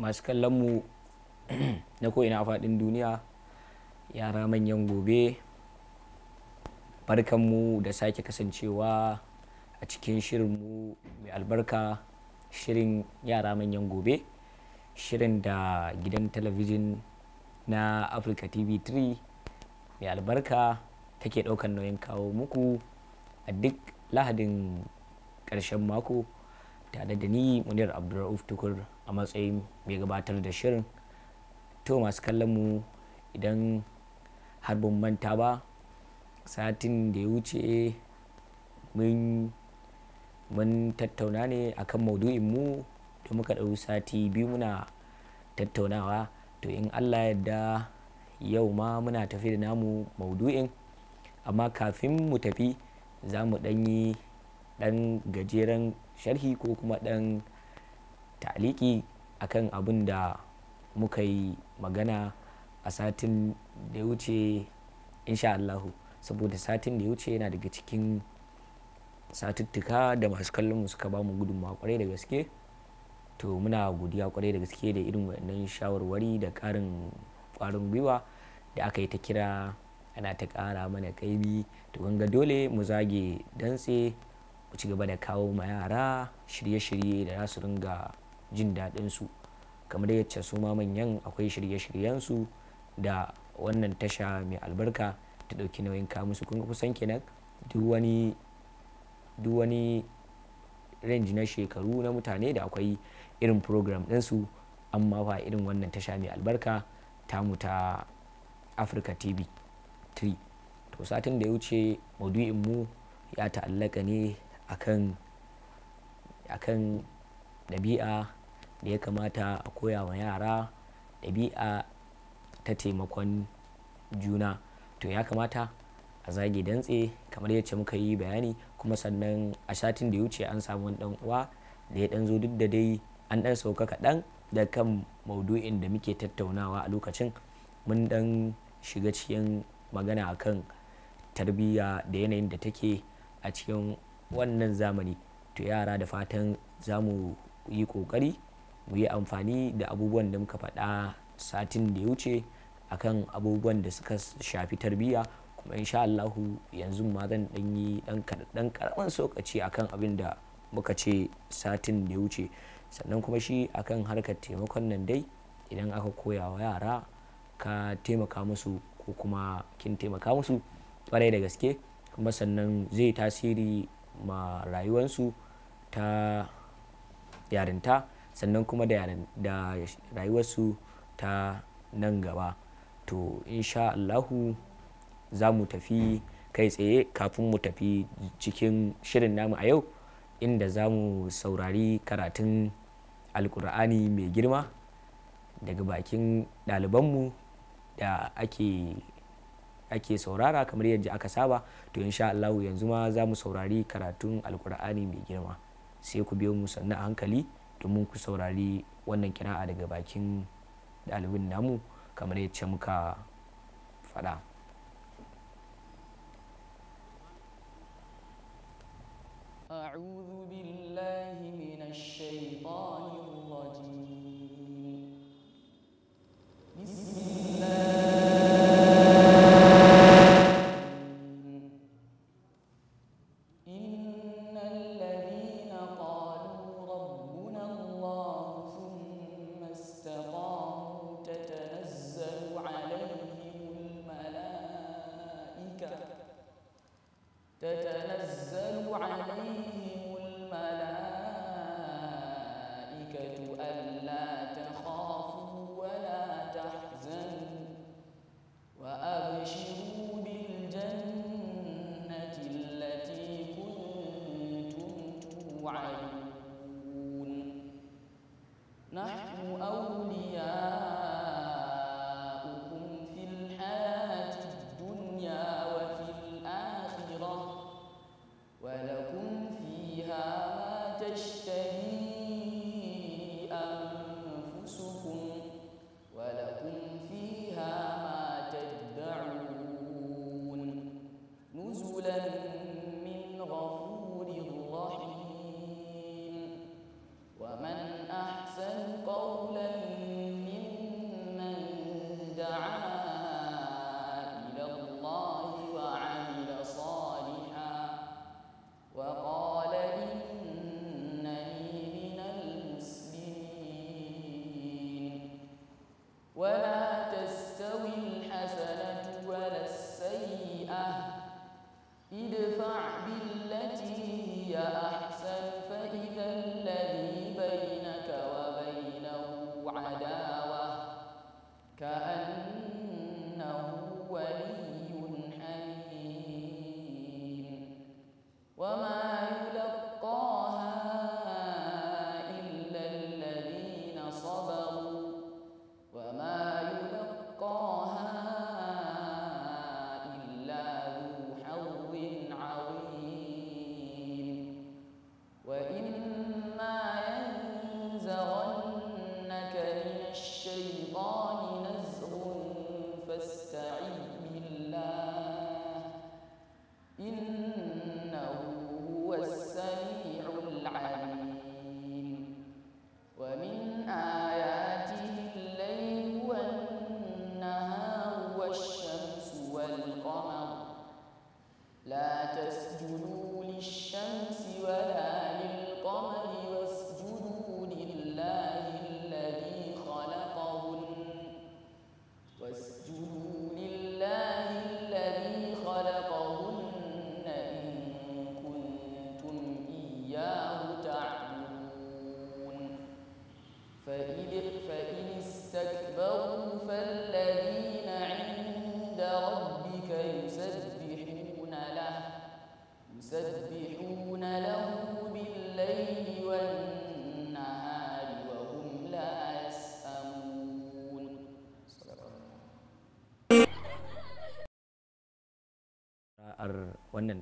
masu kallonmu na ko'ina a faɗin duniya yara manyan gobe barkanmu da sake kasancewa a cikin shirinmu mai albarka shirin yara manyan gobe shirin da gidan talabijin na africa tv 3 mai albarka take ɗaukar nauyin kawo muku a duk lahadin ƙarshen mako tare da ni munir abdulrauf tukur a matsayin mai gabatar da shirin to masu kallon mu idan har bin manta ba satin da ya wuce mun tattauna ne akan maudu'in mu to muka ɗau sati biyu muna tattaunawa to in allah yadda yau ma muna tafi da namu maudu'in amma kafin mu tafi za mu ɗanyi dan gajeren sharhi ko kuma dan taliki akan abin da muka yi magana a satin da ya wuce insha Allahu saboda satin da ya wuce yana daga cikin satuttuka da masu kallon mu suka bamu gudunmawa kwarai da gaske to muna godiya kwarai da gaske da irin wannan shawarwari da ƙarin kwarin gwiwa da aka yi ta kira ana ta kara mana kaibi to ganga dole mu zage dantse mu ci gaba da kawo ma yara shirye-shirye da za su ringa jin daɗin su kamar da yacce su ma manyan akwai shirye-shiryen su da wannan tasha mai albarka ta ɗauki nauyin ka musu kun kusan kenan duk wani duk wani range na shekaru na mutane da akwai irin program su amma fa irin wannan tasha mai albarka tamu ta africa tv 3 to satin da ya wuce maudu'in mu ya ta'allaka ne akan akan ɗabi'a da ya kamata a koya wa yara ɗabi'a ta taimakon juna to ya kamata a zage dantse kamar yacce muka yi bayani kuma sannan a satin da ya wuce an samu wani dan uwa da ya dan zo duk da dai an dan sauka kaɗan da kan maudu'in da muke tattaunawa a lokacin mun dan shiga cikin magana akan tarbiyya da yanayin da take a cikin wannan zamani to yara da fatan za mu yi ƙoƙari mu yi amfani da abubuwan da muka faɗa satin da ya wuce akan abubuwan da suka shafi tarbiyya kuma insha Allahu yanzu ma zan dan yi dan karamin sokaci akan abin da muka ce satin da ya wuce sannan kuma shi akan harkar taimakon nan dai idan aka koya wa yara ka taimaka musu ko kuma kin taimaka musu kwarai da gaske kuma sannan zai tasiri ma rayuwarsu ta yarinta sannan kuma da rayuwarsu ta nan gaba to insha allahu za mu tafi kai tsaye kafin mu tafi cikin shirin namu a yau inda za mu saurari karatun alkur'ani mai girma daga bakin ɗalibanmu da ake ake saurara kamar yadda aka saba to insha Allah yanzu ma za mu saurari karatun alkur'ani mai girma sai ku biyo mu sannan a hankali domin ku saurari wannan kira'a daga bakin ɗalibin namu kamar yadda muka faɗa.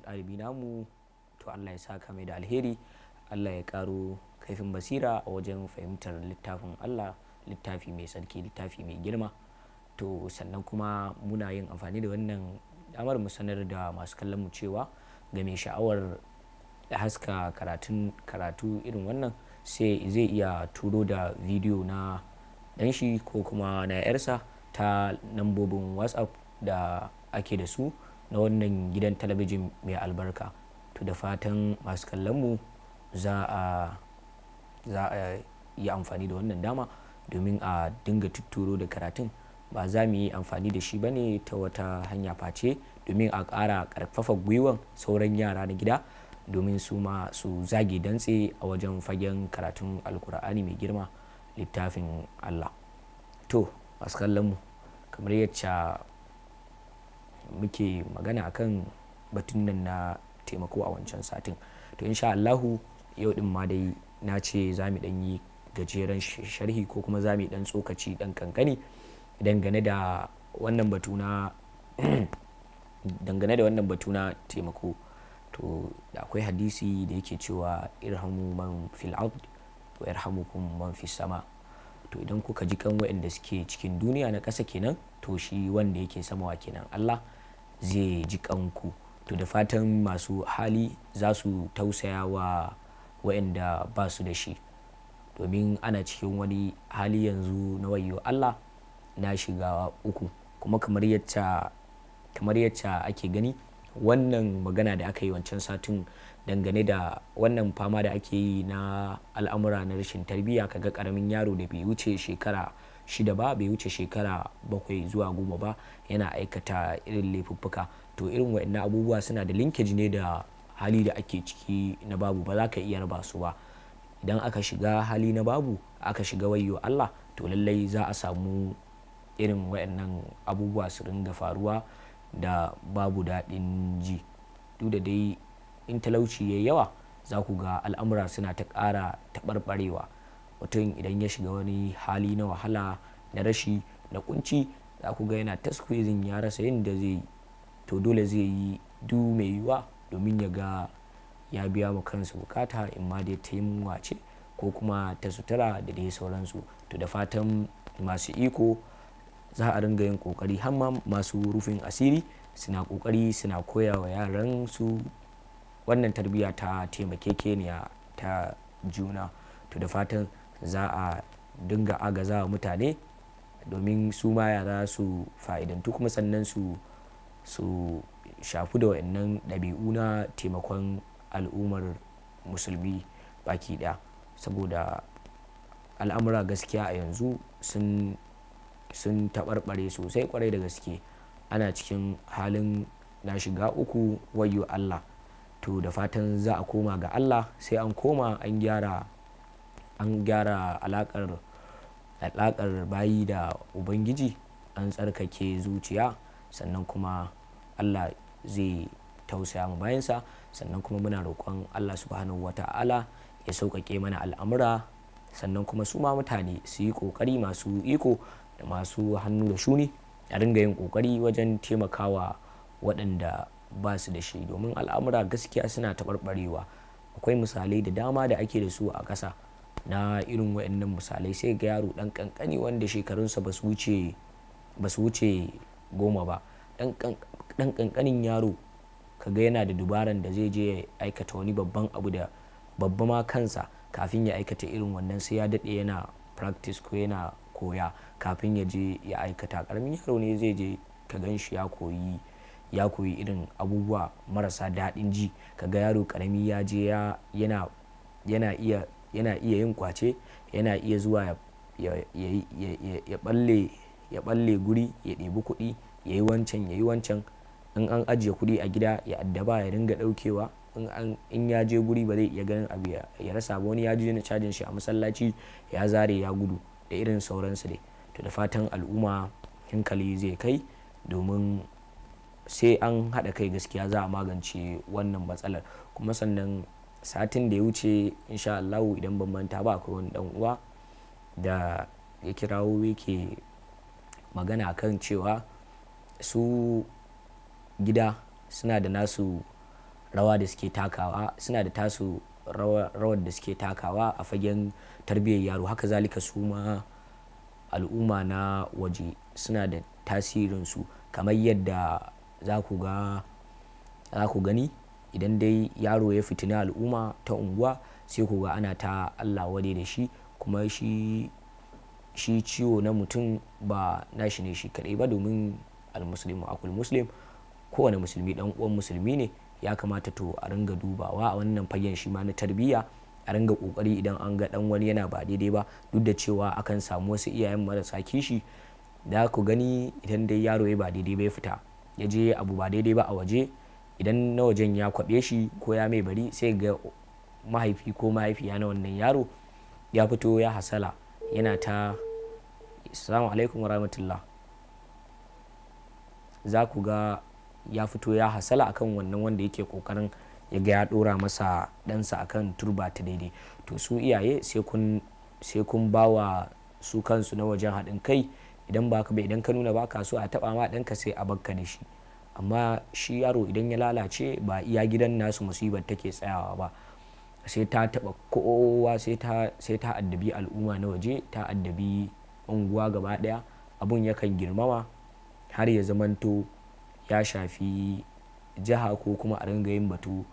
ɗalibi namu to allah ya saka mai da alheri allah ya karo kaifin basira a wajen fahimtar littafin allah littafi mai sarki littafi mai girma to sannan kuma muna yin amfani da wannan damar mu sanar da masu kallon mu cewa ga mai sha'awar haska karatun karatu irin wannan sai zai iya turo da bidiyo na dan shi ko kuma na yarsa ta lambobin whatsapp da ake da su na wannan gidan talabijin mai albarka to da fatan masu kallonmu za a yi amfani da wannan dama domin a dinga tutturo da karatun ba za mu yi amfani da shi ba ne ta wata hanya face domin a ƙara ƙarfafa gwiwan sauran yara na gida domin su ma su zage dantse a wajen fagen karatun alkur'ani mai girma littafin allah to masu kallonmu kamar yadda muke magana akan batun nan na taimako a wancan satin to insha Allahu yau din ma dai na ce za mu dan yi gajeren sharhi ko kuma za mu dan tsokaci dan kankani dangane da wannan batu na dangane da wannan batu na taimako to da akwai hadisi da yake cewa irhamu man fil ard wa irhamukum man fis sama to idan kuka ji kan waɗanda suke cikin duniya na ƙasa kenan to shi wanda yake samawa kenan Allah zai ji kanku to da fatan masu hali za su tausaya wa waɗanda ba su da shi domin ana cikin wani hali yanzu na wayo Allah na shiga uku kuma kamar yacca ake gani wannan magana da aka yi wancan satin dangane da wannan fama da ake yi na al'amura na rashin tarbiyya kaga karamin yaro da bai wuce shekara shida ba bai wuce shekara bakwai zuwa goma ba yana aikata irin laifuffuka to irin waɗannan abubuwa suna da linkage ne da hali da ake ciki na babu ba za ka iya raba su ba idan aka shiga hali na babu aka shiga wayo Allah to lallai za a samu irin waɗannan abubuwa su ringa faruwa da babu daɗin ji duk da dai in talauci ya yawa za ku ga al'amura suna ta ƙara taɓarɓarewa mutum idan ya shiga wani hali na wahala na rashi na kunci za ku ga yana ta ya rasa yadda zai to dole zai yi du mai yiwa domin ya ga ya biya wa kansu bukata in ma dai ta yi ce ko kuma ta sutura da dai sauransu to da fatan masu iko za a ringa yin kokari har ma masu rufin asiri suna kokari suna koya wa yaran su wannan tarbiyya ta taimakekeniya ta juna to da fatan za a dinga agaza wa mutane domin su ma yara su fa'idantu kuma sannan su su shafu da wa'annan ɗabi'u na taimakon al'ummar musulmi baki ɗaya saboda al'amura gaskiya a yanzu sun sun taɓarɓare sosai kwarai da gaske ana cikin halin na shiga uku wayo allah to da fatan za a koma ga allah sai an koma an gyara an gyara alakar bayi da ubangiji an tsarkake zuciya sannan kuma allah zai tausaya mu bayansa sannan kuma muna roƙon allah subhanahu wa ta'ala ya sauƙaƙe mana al'amura sannan kuma su ma mutane su yi ƙoƙari masu iko da masu hannu da shuni a ringa yin ƙoƙari wajen taimakawa waɗanda ba su da shi domin al'amura gaskiya suna taɓarɓarewa akwai misalai da dama da ake da su a ƙasa na irin wayannan misalai sai ga yaro dan kankani wanda shekarunsa ba su wuce ba wuce goma ba dan kankanin yaro kaga yana da dubaran da zai je ya aikata wani babban abu da babba ma kansa kafin ya aikata irin wannan sai ya dade yana practice ko yana koya kafin ya je ya aikata karamin yaro ne zai je ka gan shi ya koyi ya koyi irin abubuwa marasa daɗin ji kaga yaro karami ya je yana iya yana iya yin kwace yana iya zuwa ya balle guri ya ɗebi kuɗi ya yi wancan ya yi wancan in an ajiye kuɗi a gida ya addaba ya ringa ɗaukewa in ya je guri ba zai iya ganin abu ya rasa ba wani ya je na cajin shi a masallaci ya zare ya gudu da irin sauransu dai to da fatan al'umma hankali zai kai domin sai an haɗa kai gaskiya za a magance wannan matsalar kuma sannan satin da ya wuce insha allahu idan ban manta ba akwai wani dan uwa da ya kirawo yake magana kan cewa su gida suna da nasu rawa da suke takawa suna da tasu rawar da suke takawa a fagen tarbiyyar yaro haka zalika su ma al'umma na waje suna da tasirinsu kamar yadda za ku gani idan dai yaro ya na al'umma ta unguwa sai ku ga ana ta allah wade da shi kuma shi shi ciwo na mutum ba nashi ne shi kadai ba domin almuslimu akul muslim kowane musulmi dan uwan musulmi ne ya kamata to a ringa dubawa a wannan fagen shi ma na tarbiyya a ringa kokari idan an ga dan wani yana ba daidai ba duk da cewa akan samu wasu iyayen marasa kishi da ku gani idan dai yaro ya ba daidai ba ya fita ya je abu ba daidai ba a waje idan na wajen ya kwaɓe shi ko ya mai bari sai ga mahaifi ko mahaifi na wannan yaro ya fito ya hasala yana ta assalamu alaikum rahmatullah za ku ga ya fito ya hasala akan wannan wanda yake kokarin ya ga ya dora masa ɗansa akan turba ta daidai to su iyaye sai kun ba wa su kansu na wajen haɗin kai idan ba ka idan ka nuna ba ka so a taɓa ma ɗanka sai a bakka da shi amma shi yaro idan ya lalace ba iya gidan nasu musibar take tsayawa ba sai ta taba kowa sai ta addabi al'umma na waje ta addabi unguwa gaba daya abun yakan girmama har ya zamanto ya shafi jiha ko kuma a ringa yin batu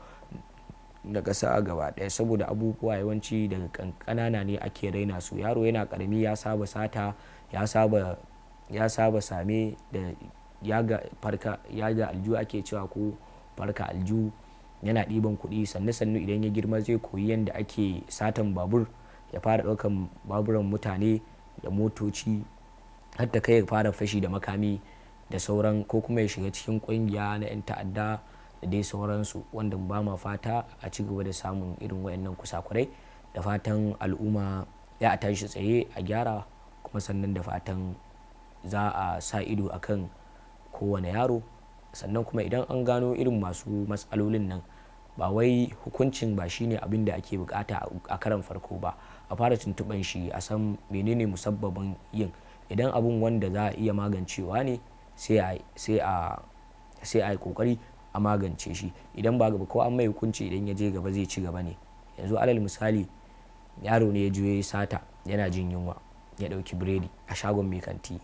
na ƙasa gaba daya saboda abubuwa yawanci daga ƙanƙanana ne ake raina su yaro yana karami ya saba sata ya saba same da ya ga farka ya alju ake cewa ko farka alju yana ɗiban kuɗi sannu sannu idan ya girma zai koyi yadda ake satan babur ya fara ɗaukan baburan mutane da motoci har ta kai ya fara fashi da makami da sauran ko kuma ya shiga cikin ƙungiya na 'yan ta'adda da dai sauransu wanda ba ma fata a ci gaba da samun irin wayannan kusakurai da fatan al'umma ya tashi tsaye a gyara kuma sannan da fatan za a sa ido akan kowane yaro sannan kuma idan an gano irin masu matsalolin nan ba wai hukuncin ba shine abin da ake bukata a karan farko ba a fara tuntuban shi a san menene musabbabin yin idan abin wanda za a iya magancewa ne sai a yi kokari a magance shi idan ba gaba ko an mai hukunci idan ya je gaba zai ci gaba ne yanzu alal misali yaro ne ya je sata yana jin yunwa ya dauki biredi a shagon mai kanti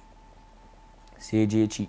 sai je ci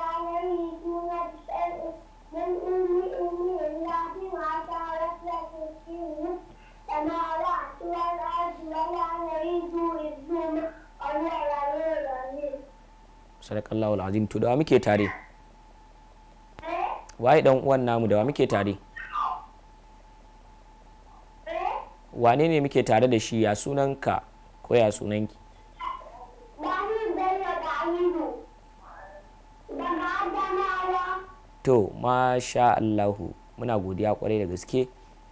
السماوات والأرض ولا يعيد to da muke tare eh? waye dan uwan namu da muke tare eh? wane ne muke tare da shi ya sunanka ko ya sunanki to masha Allahu muna godiya kwarai da gaske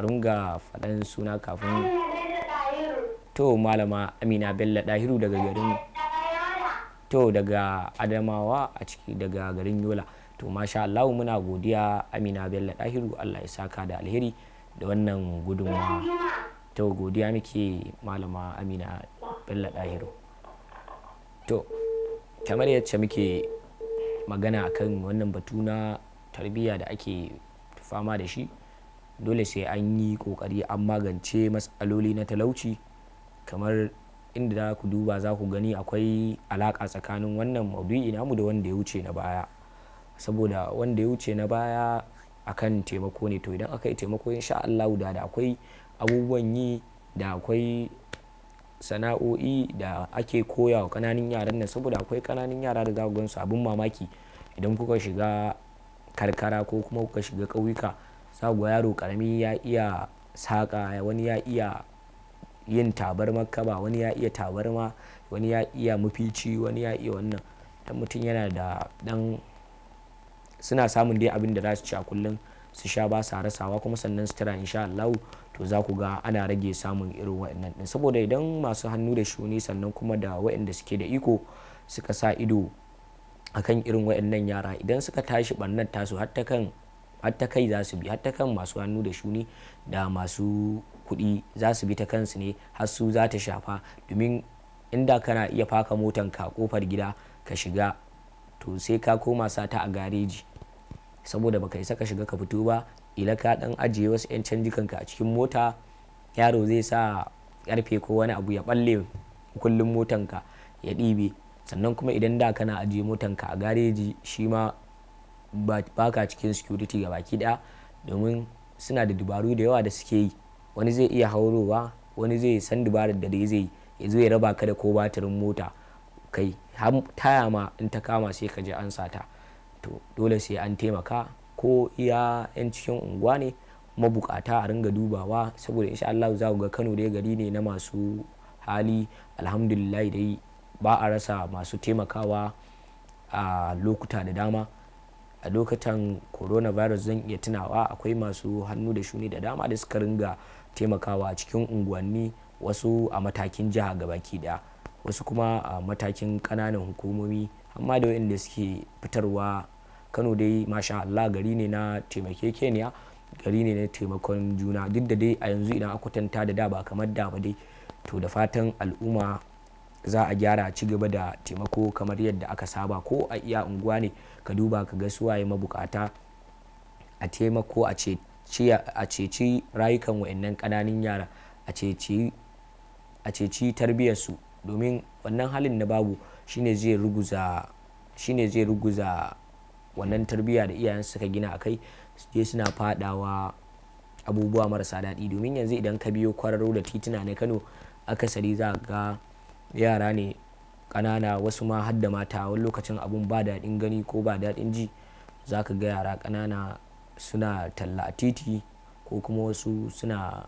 a runga faɗan suna kafin to malama amina bello dahiru daga garin to daga adamawa a ciki daga garin yola to masha Allah muna godiya amina bello dahiru allah ya saka da alheri da wannan gudunmawa to godiya muke malama amina bello dahiru to kamar yadda muke magana kan wannan batu na tarbiyya da ake fama da shi dole sai an yi kokari an magance matsaloli na talauci kamar inda za ku duba za ku gani akwai alaka tsakanin wannan maudu'i namu da wanda ya wuce na baya saboda wanda ya wuce na baya akan taimako ne to idan aka yi taimako insha Allah da da akwai abubuwan yi da akwai sana'o'i da ake koya wa kananun yaran nan saboda akwai kananun yara da za ku su abin mamaki idan kuka shiga karkara ko kuma kuka shiga ƙauyuka sabuwa yaro karami ya iya saƙa wani ya iya yin tabarmar kaba wani ya iya tabarma wani ya iya mafici wani ya iya wannan dan mutum yana da dan suna samun dai abin da za su ci a kullum su sha ba su rasawa kuma sannan su tara insha Allah to za ku ga ana rage samun irin waɗannan din saboda idan masu hannu da shuni sannan kuma da waɗanda suke da iko suka sa ido akan irin waɗannan yara idan suka tashi bannan tasu har ta kan har ta kai za su bi har kan masu hannu da shuni da masu kuɗi za su bi ta kansu ne har su za ta shafa domin inda kana iya faka motan ka kofar gida ka shiga to sai ka koma sata a gareji saboda baka isa ka shiga ka fito ba ila ka dan ajiye wasu 'yan canji kanka a cikin mota yaro zai sa karfe ko wani abu ya balle kullum motanka ya ɗibe sannan kuma idan da kana ajiye motanka a gareji shi ma baka cikin security ga baki daya domin suna da dubaru da yawa da suke yi wani zai iya haurowa wani zai san dubarar da dai zai ya zo ya raba ka da ko batirin mota kai har taya ma in ta kama sai ka je an sata to dole sai an taimaka ko iya 'yan cikin unguwa ne mabukata a ringa dubawa saboda insha Allah za ku ga Kano dai gari ne na masu hali alhamdulillah dai ba a rasa masu taimakawa a lokuta da dama a lokacin coronavirus zan iya tunawa akwai masu hannu da shuni da dama da suka ringa taimakawa a cikin unguwanni wasu a matakin jiha ga baki daya wasu kuma a matakin kananan hukumomi amma da waɗanda suke fitarwa kano dai masha allah gari ne na taimakekeniya gari ne na taimakon juna duk da dai a yanzu idan akwatanta da da ba kamar da ba dai to da fatan al'umma za a gyara ci gaba da taimako kamar yadda aka saba ko a iya unguwa ne ka duba ka ga suwaye mabukata a taimako a ceci rayukan wa'annan kananan yara a ceci tarbiyyarsu domin wannan halin na babu shine zai ruguza wannan tarbiyya da iyayensu suka gina a kai je suna fadawa abubuwa marasa daɗi domin yanzu idan ka biyo kwararo da tituna na kano akasari za ga yara ne kanana wasu ma har da mata wani lokacin abun ba daɗin gani ko ba daɗin ji za ka ga yara kanana suna talla a titi ko kuma wasu suna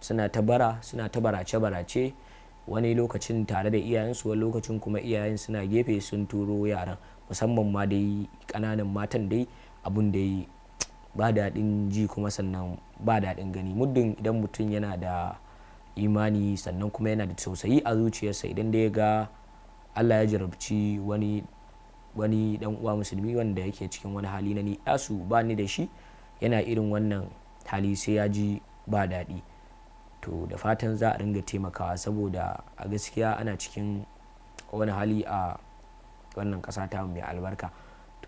suna tabara suna barace wani lokacin tare da iyayensu wani lokacin kuma iyayen suna gefe sun turo yaran musamman ma dai kananan matan dai abun da ba daɗin ji kuma sannan ba daɗin gani muddin idan mutum yana da imani sannan kuma yana da tausayi a zuciyarsa idan da ya ga allah ya jarabci wani wani dan uwa musulmi wanda yake cikin wani hali na ni asu ba ni da shi yana irin wannan hali sai ya ji ba daɗi to da fatan za a ringa taimakawa saboda a gaskiya ana cikin wani hali a wannan ƙasa ta mai albarka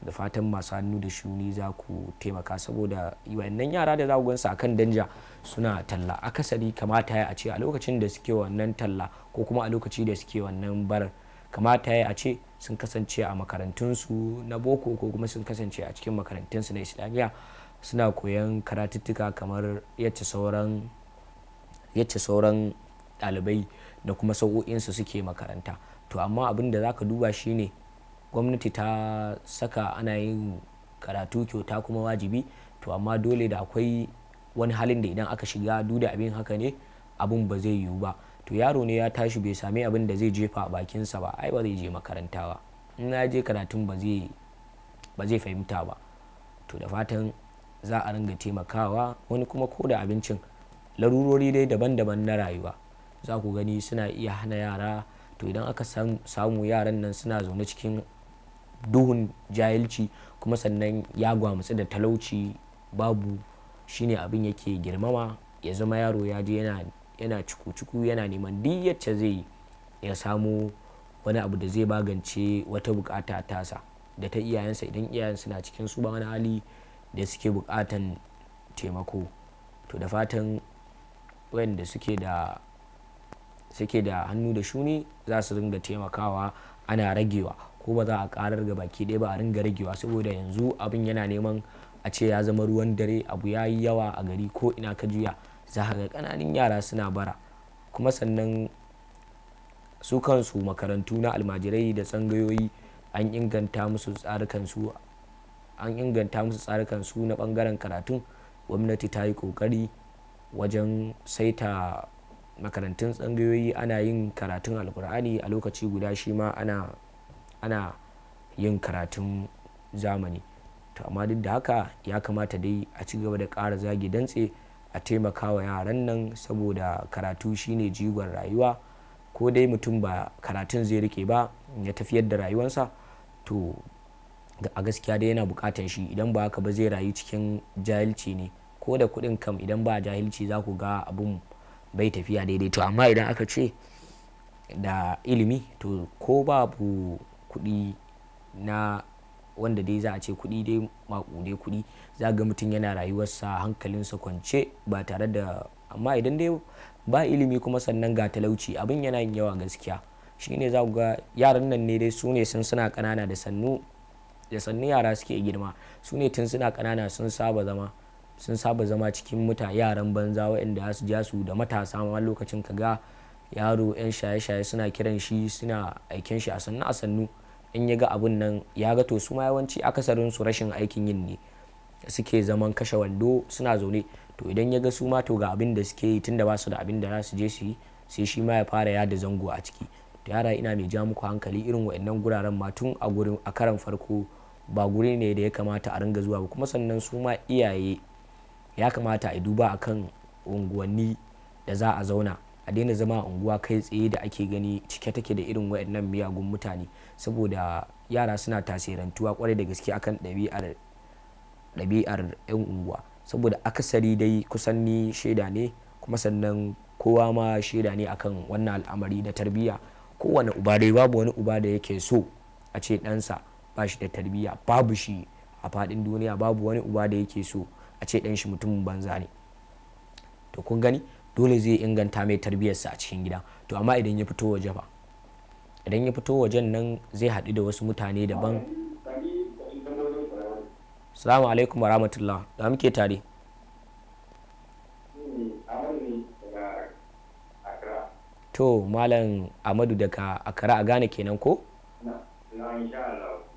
da fatan masu hannu da shuni za ku taimaka saboda wannan yara da za ku gansu akan danja suna talla akasari kamata ya a ce a lokacin da suke wannan talla ko kuma a lokaci da suke wannan barar kamata ya a ce sun kasance a makarantunsu na boko ko kuma sun kasance a cikin makarantunsu na islamiyya suna koyan karatuttuka kamar yacce sauran yacce sauran ɗalibai da kuma sau'o'insu suke makaranta to amma abin da za ka duba shine gwamnati ta saka ana yin karatu kyauta kuma wajibi to amma dole da akwai wani halin da idan aka shiga duda abin haka ne abin ba zai yiwu ba to yaro ne ya tashi bai sami abin da zai jefa a bakinsa ba ai ba zai je makaranta ba in ya je karatun ba zai fahimta ba to da fatan za a ringa taimakawa wani kuma ko da abincin larurori dai daban-daban na rayuwa za ku gani suna iya hana yara to idan aka samu yaran nan suna zaune cikin duhun jahilci kuma sannan ya gwamutsu da talauci babu shine abin yake girmama ya zama yaro ya je yana yana cuku-cuku yana neman duk yacce zai ya samu wani abu da zai bagance wata bukata tasa da ta iyayensa idan iyayensa na cikin su ba wani hali da suke bukatan taimako to da fatan wayanda suke da suke da hannu da shuni za su ringa taimakawa ana ragewa ko ba za a karar ga baki ɗaya ba a ringa ragewa saboda yanzu abin yana neman a ce ya zama ruwan dare abu ya yi yawa a gari ko ina ka juya za ka ga ƙananan yara suna bara kuma sannan su kansu makarantu na almajirai da tsangayoyi an inganta musu tsarukansu an inganta musu tsarukansu na bangaren karatun gwamnati ta yi kokari wajen saita makarantun tsangayoyi ana yin karatun alkur'ani a lokaci guda shi ma ana ana yin karatun zamani to amma duk da haka ya kamata dai a ci gaba da ƙara zagi dantse a taimaka wa yaran nan saboda karatu shine jigon rayuwa ko dai mutum ba karatun zai rike ba ya tafiyar da rayuwansa to a gaskiya dai yana bukatan shi idan ba haka ba zai rayu cikin jahilci ne ko da kuɗin kam idan ba jahilci za ku ga abun bai tafiya daidai to amma idan aka ce da ilimi to ko babu kuɗi na wanda dai za a ce kuɗi dai maƙude kuɗi za ga mutum yana rayuwarsa hankalinsa kwance ba tare da amma idan dai ba ilimi kuma sannan ga talauci abin yana yin yawa gaskiya shine za ga yaran nan ne dai su ne sun suna ƙanana da sannu da sannu yara suke girma su ne tun suna ƙanana sun saba zama sun saba zama cikin muta yaran banza waɗanda su ja su da matasa ma lokacin ka ga yaro 'yan shaye-shaye suna kiran shi suna aiken shi a sannu a sannu in ya ga abun nan ya ga to su ma yawanci akasarin su rashin aikin yin ne suke zaman kashe wando suna zaune to idan ya ga su ma to ga abin da suke yi tunda ba su da abin da za su je su yi sai shi ma ya fara yada zango a ciki to yara ina mai ja muku hankali irin wa'annan guraren ma tun a gurin a karan farko ba guri ne da ya kamata a ringa zuwa ba kuma sannan su ma iyaye ya kamata a duba akan unguwanni da za a zauna a daina zama unguwa kai tsaye da ake gani cike take da irin waɗannan miyagun mutane saboda yara suna tasirantuwa kwarai da gaske akan ɗabi'ar ɗabi'ar 'yan unguwa saboda akasari dai kusan ni shaida ne kuma sannan kowa ma shaida ne akan wannan al'amari da tarbiyya kowane uba dai babu wani uba da yake so a ce ɗansa ba shi da tarbiyya babu shi a faɗin duniya babu wani uba da yake so a ce ɗan shi mutumin banza ne to kun gani dole zai inganta mai tarbiyyarsa a cikin gida to amma idan ya fito waje ba idan ya fito wajen nan zai haɗu da wasu mutane daban salamu alaikum wa rahmatullah da muke tare to malam amadu daga akara a gane kenan ko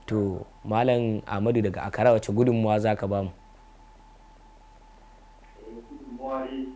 to malam amadu daga akara wace gudunmuwa za ka ba mu eh,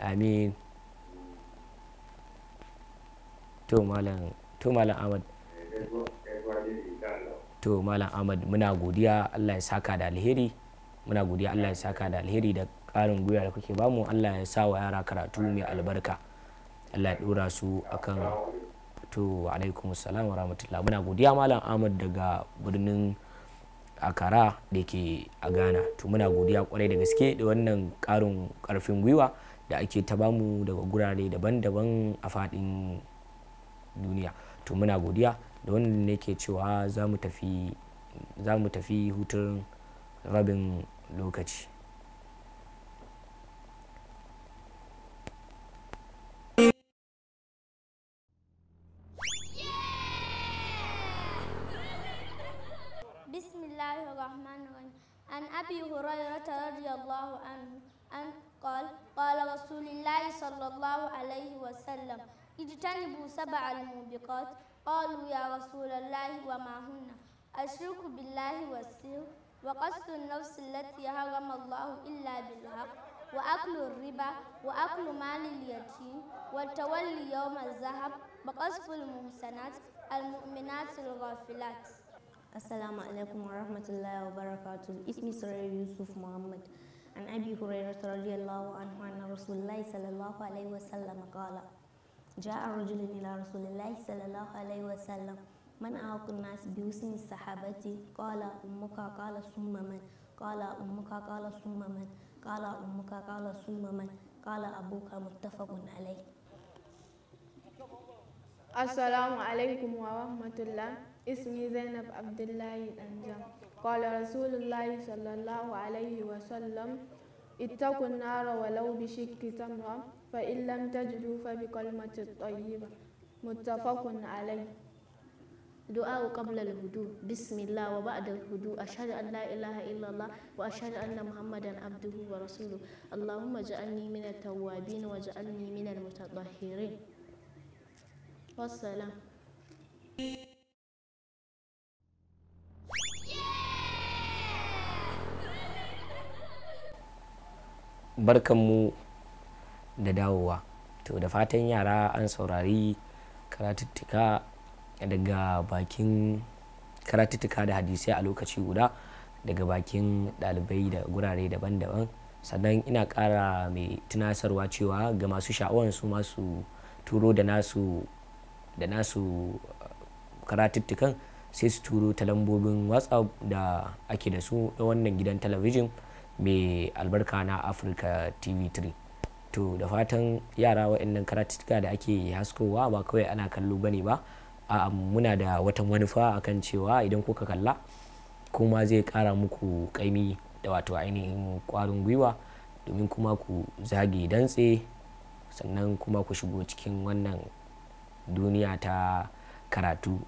amin to malam to malam ahmad to malam ahmad muna godiya allah ya saka da alheri muna godiya allah ya saka da alheri da karin gwiwa da kuke bamu allah ya sa wa yara karatu mai albarka allah ya dora su akan to alaikum salam wa rahmatullah muna godiya malam ahmad daga birnin akara da ke a ghana to muna godiya kwarai da gaske da wannan karin karfin gwiwa da ake ta bamu daga gurare daban-daban a faɗin duniya to muna godiya da wannan ne ke cewa za mu tafi hutun rabin lokaci عن أبي هريرة رضي الله عنه قال قال رسول الله صلى الله عليه وسلم اجتنبوا سبع الموبقات قالوا يا رسول الله وما هن الشرك بالله والسر وقصد النفس التي حرم الله إلا بالحق وأكل الربا وأكل مال اليتيم والتولي يوم الذهب وقصف المحسنات المؤمنات الغافلات السلام عليكم ورحمة الله وبركاته اسمي سوري يوسف محمد عن أبي هريرة رضي الله عنه أن رسول الله صلى الله عليه وسلم قال جاء رجل إلى رسول الله صلى الله عليه وسلم من أعق الناس بوسم الصحابة قال أمك قال ثم من قال أمك قال ثم من قال أمك قال ثم من قال أبوك متفق عليه السلام عليكم ورحمة الله اسمي زينب عبد الله الأنجم قال رسول الله صلى الله عليه وسلم اتقوا النار ولو بشك تمرة فإن لم تجدوا فبكلمة طيبة متفق عليه دعاء قبل الهدوء بسم الله وبعد الهدوء أشهد أن لا إله إلا الله وأشهد أن محمدا عبده ورسوله اللهم اجعلني من التوابين واجعلني من المتطهرين والسلام barkanmu da dawowa to da fatan yara an saurari karatuttuka daga bakin karatuttuka da hadisai a lokaci guda daga bakin dalibai da gurare daban-daban sannan ina ƙara mai tunasarwa cewa ga masu sha'awar su masu turo da nasu da nasu eh, karatuttukan sai su turo ta lambobin whatsapp da ake da su na wannan gidan talabijin mai albarka na afirka tv3 to da fatan yara waɗannan karatuka da ake haskowa ba kawai ana kallo bane ba a muna da wata manufa akan cewa idan kuka kalla kuma zai kara muku kaimi da wato ainihin kwarin gwiwa domin kuma ku zage dantse sannan kuma ku shigo cikin wannan duniya ta karatu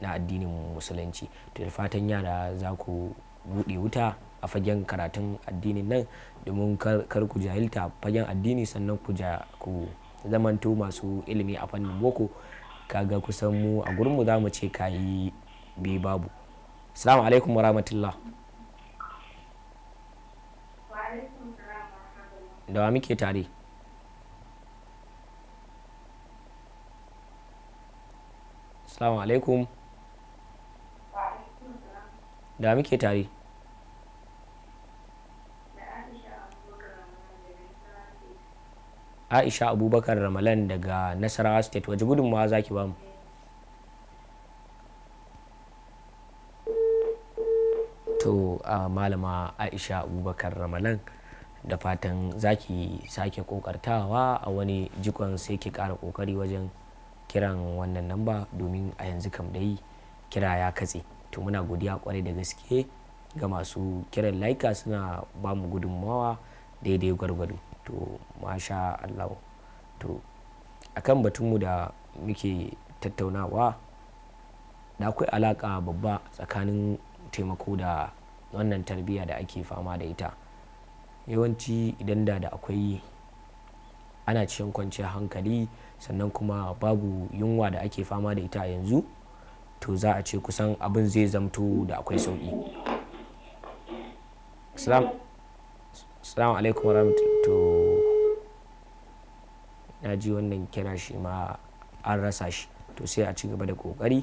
na addinin musulunci to da fatan yara za ku buɗe wuta a fagen karatun addinin nan domin kar ku jahilta fagen addini sannan ku ku zamanto masu ilimi a fannin boko kaga kusan mu a gurin za mu ce ka yi babu assalamu alaikum warahmatullah da wa muke tare salamu alaikum da muke tare aisha abubakar ramalan daga nasarawa state waje gudunmawa za ki bamu to a malama aisha abubakar ramalan da fatan za ki sake kokartawa a wani jikon sai ki kara kokari wajen kiran wannan namba domin a yanzu kam dai kira ya katse to muna godiya kwarai da gaske ga masu kiran laika suna bamu gudunmawa daidai gwargwado to masha Allah to akan batunmu da muke tattaunawa da akwai alaka babba tsakanin taimako da wannan tarbiyya da ake fama da ita yawanci idan da da akwai ana cikin kwanciyar hankali sannan kuma babu yunwa da ake fama da ita yanzu to za a ce kusan abin zai zamto da akwai sauƙi. Assalamu alaikum warahmatullahi to na ji wannan kira shi ma an rasa shi to sai a ci gaba da kokari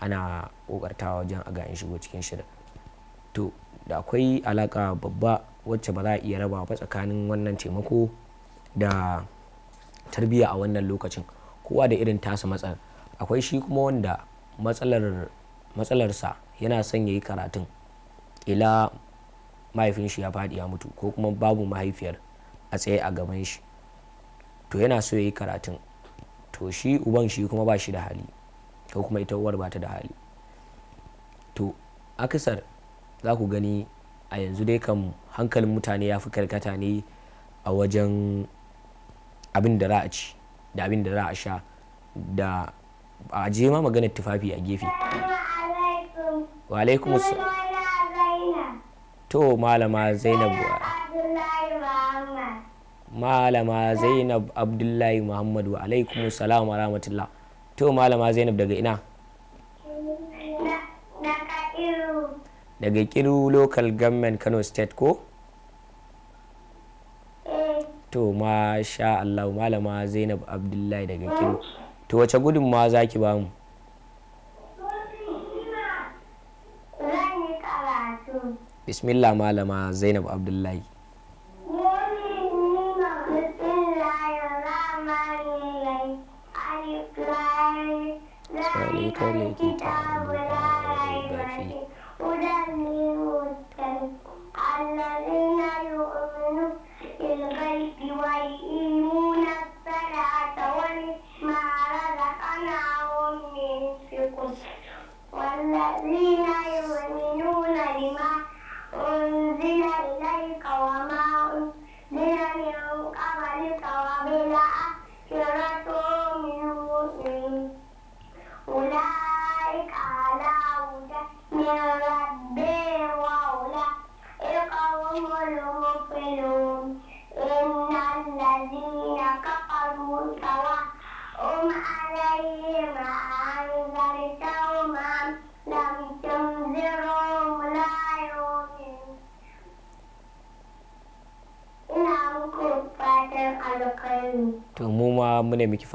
ana kokartawa wajen a ga'in shigo cikin shirin to da akwai alaka babba wacce ba za a iya raba ba tsakanin wannan taimako da tarbiyya a wannan lokacin kowa da irin tasa matsalar akwai shi kuma wanda matsalar matsalarsa yana son ya yi karatun ila mahaifin shi ya faɗi ya mutu ko kuma babu mahaifiyar a tsaye a gaban shi to yana so ya yi karatun to shi uban shi kuma ba shi da hali ko kuma ita uwar ba ta da hali to akasar za ku gani a yanzu dai kan hankalin mutane ya fi karkata ne a wajen abin da za ci da abin da za a sha da a je ma maganar tufafi a gefe wa alaikum to malama zainab malama zainab abdullahi muhammadu alaikum salam wa rahmatullah to malama zainab daga ina daga kiru local government kano state ko to masha allahu malama zainab abdullahi daga kiru to wace ma za ki bamu bismillah malama zainab abdullahi smiley curly guitar,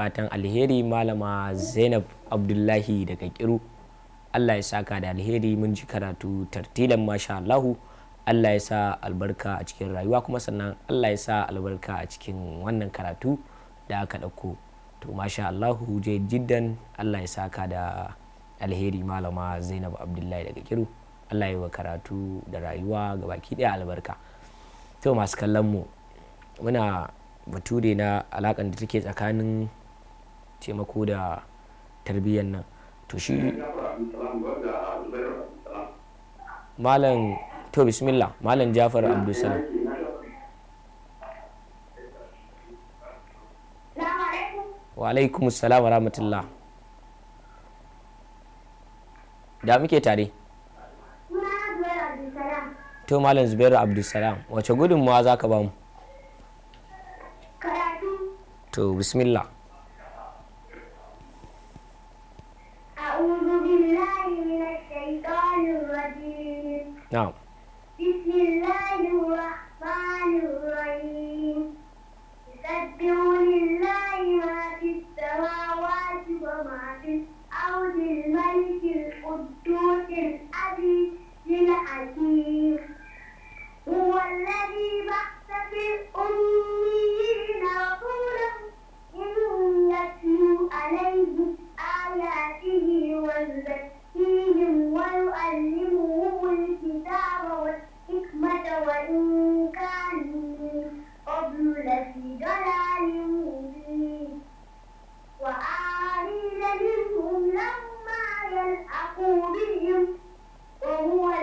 fatan alheri malama zainab abdullahi daga kiru allah ya saka da alheri mun ji karatu tartilan masha allahu allah ya sa albarka a cikin rayuwa kuma sannan allah ya sa albarka a cikin wannan karatu da aka ɗauko to masha allahu je jiddan allah ya saka da alheri malama zainab abdullahi daga kiru allah ya wa karatu da rayuwa ga baki ɗaya albarka to masu kallon mu muna bature na alakan da take tsakanin taimako da tarbiyyar nan to shi malam to bismillah malam jafar abdulsalam wa alaikum salam wa rahmatullah da muke tare to malam zubairu abdulsalam wace gudunmawa za ka ba mu to bismillah Now,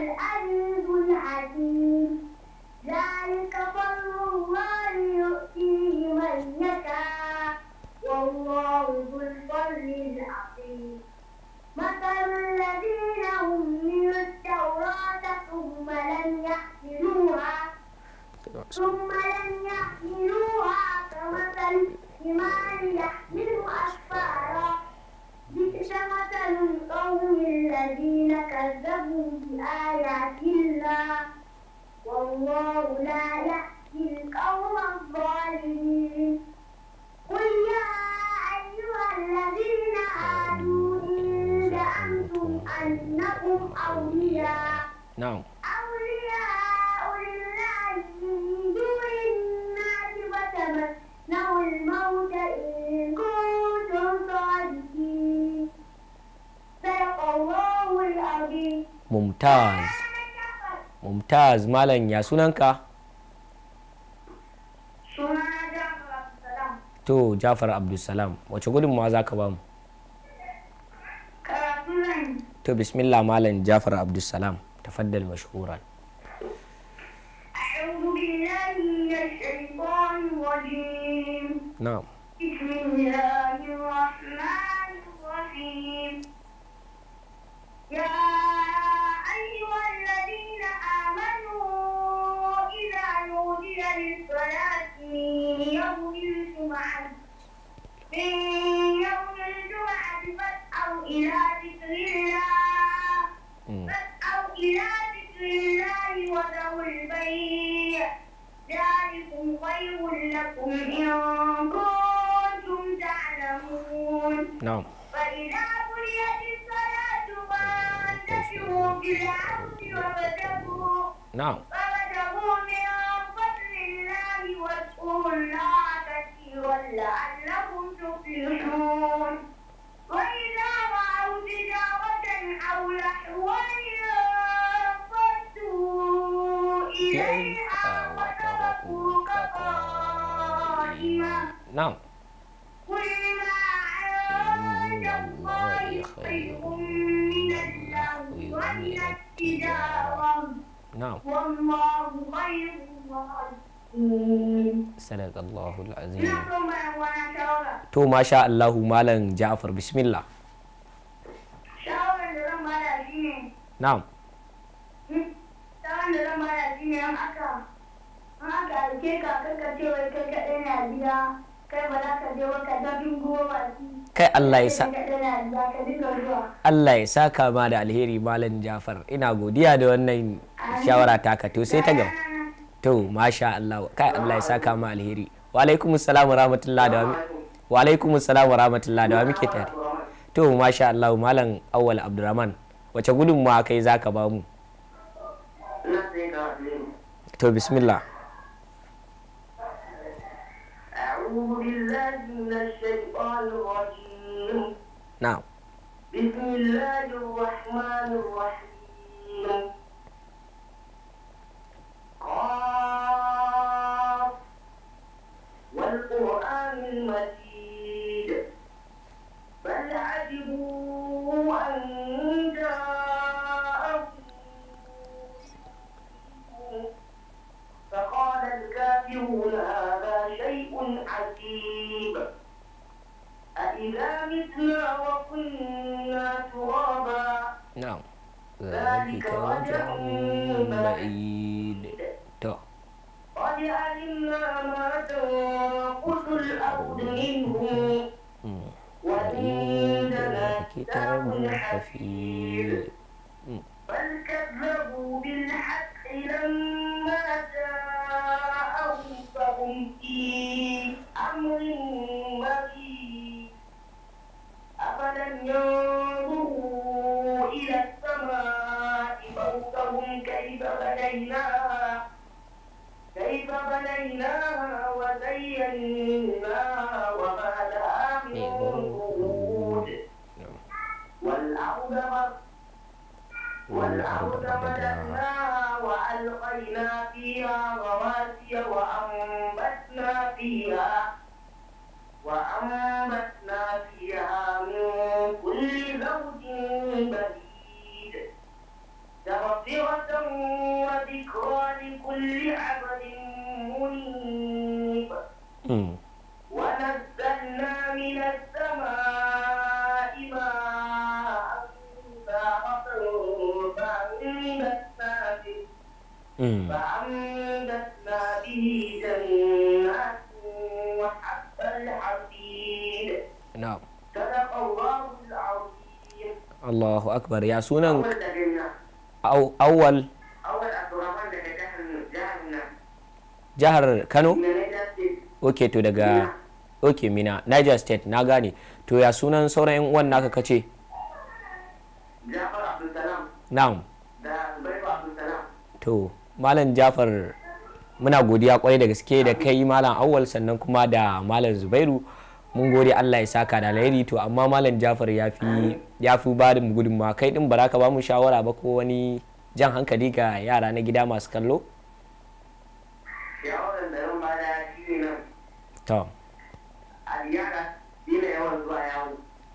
العزيز الحكيم ذلك فضل الله يؤتيه من يشاء والله ذو الفضل العظيم مثل الذين هم التوراة ثم لم يحملوها ثم لم آيات الله والله لا يأتي القوم الظالمين قل يا أيها الذين آمنوا إن نعم. زعمتم أنكم أولياء نعم mumtaz mumtaz malam ya sunanka to jafar abdulsalam wace gudunmawa za ka ba mu to bismillah malam jafar abdulsalam tafaddal mashhuran نعم بسم الله يوم الجمعة من يوم الجمعة فاسعوا إلى ذكر الله فاسعوا إلى ذكر الله وذو البيع ذلكم خير لكم إن كنتم تعلمون نعم فإذا بليت الصلاة فانتشروا في الأرض وابتغوا نعم وابتغوا من فضل الله واتقوا الله خيرا لعلكم تفلحون وإذا رأوا تجارة أو لحوا انفضوا إليها وتركوك قائما نعم قل ما عند الله خير من اللهو ومن التجارة نعم والله خير الله sadaqallahu alazim to masha Allahu malam Ja'far bismillah shawaran da zan bada shine na'am hmm, shawaran da zan bada shine an aka an aka alke ka kanka ce wai kai kadai na biya kai ba za ka je wa ka dabin goma kai Allah ya sa Allah ya saka ma da alheri malam Ja'far ina godiya da wannan shawara taka to sai ta gaba to masha Allah kai Allah ya saka mu alheri wa alaikum assalam rahmatullahi da wa alaikum assalam rahmatullahi da muke tare to masha Allah malam awwal abdurrahman wace gudunmawa kai zaka ba mu to bismillah أعوذ بالله من الشيطان الرجيم نعم بسم الله الرحمن الرحيم قاف والقرآن المجيد بل عجبوا أن جاءهم فقال الكافرون هذا شيء عجيب أإذا متنا وكنا ترابا نعم no. ذلك رجع بعيد قد علمنا ما تنقص الأرض منهم وعندنا كتاب حفيظ وأنبتنا فيها من كل زوج بهيج تغفرة وذكرى لكل عبد منيب ونزلنا من السماء ماء فأنبتنا به Allahu akbar ya sunan awwal jihar Kano ok to daga ok mina Niger state na gane to ya sunan sauran yan uwan naka kace to malam Jafar muna godiya kwarai da gaske da kai malam awwal sannan kuma da malam Zubairu mun gode Allah ya saka da alheri to amma malam Jafar ya fi ya fi ba da gudunmawa kai din baraka ba mu shawara ba ko wani jan hankali ga yara na gida masu kallo to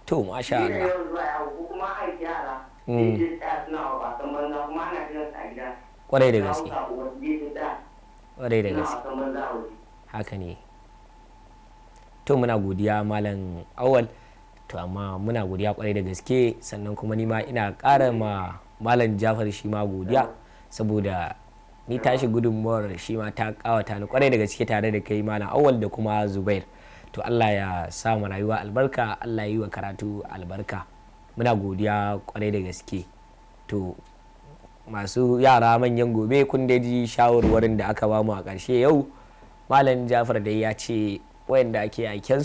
to masha Allah kwarai da gaske kwarai da gaske haka ne to muna godiya malam awal to amma muna godiya kwarai da gaske sannan kuma ni ma ina ƙara ma malam jafar shi ma godiya saboda ni tashi gudunmuwar shi ma ta kawata ni kwarai da gaske tare da kai malam awal da kuma zubair to allah ya sa mu rayuwa albarka allah ya yi wa karatu albarka muna godiya kwarai da gaske to masu yara manyan gobe kun da ji shawarwarin da aka bamu a ƙarshe yau malam jafar dai ya ce wayanda ake aiken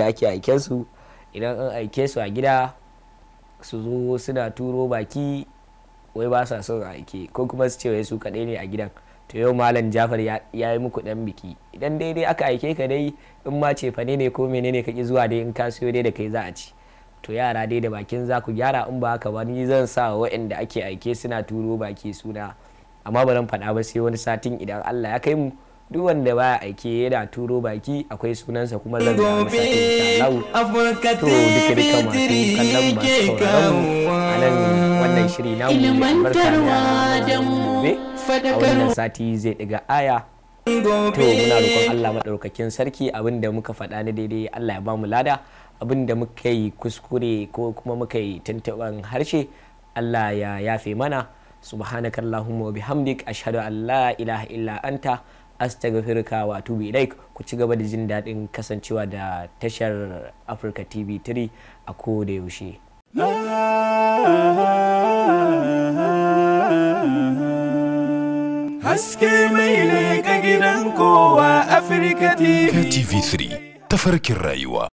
ake aiken su idan an aike su a gida su zo suna turo baki wai ba sa son aike ko kuma su ce wai su kaɗai ne a gidan to yau malam jafar ya yi muku dan biki idan daidai aka aike ka dai in ma ce fane ne ko menene ka ki zuwa dai in ka siyo dai da kai za a ci to yara dai da bakin za ku gyara in ba haka ba ni zan sa wayanda ake aike suna turo baki suna amma ba faɗa ba sai wani satin idan Allah ya kai mu duk wanda ba aike yana turo baki akwai sunansa kuma zan ga masa inshallah to duka duka masu kallon masu sauraron a nan wannan shiri na mu barka da gobe a wannan sati zai daga aya to muna roƙon Allah madaukakin sarki abinda muka faɗa na daidai Allah ya bamu lada abinda muka yi kuskure ko kuma muka yi tuntuɓan harshe Allah ya yafe mana subhanakallahumma wa bihamdik ashhadu an la ilaha illa anta astaghfiruka wa atubu ilaik ku ci gaba da jin daɗin kasancewa da tashar Africa TV 3 a ko da yaushe. Haske mai ne ga gidan kowa Africa TV3 tafarkin rayuwa.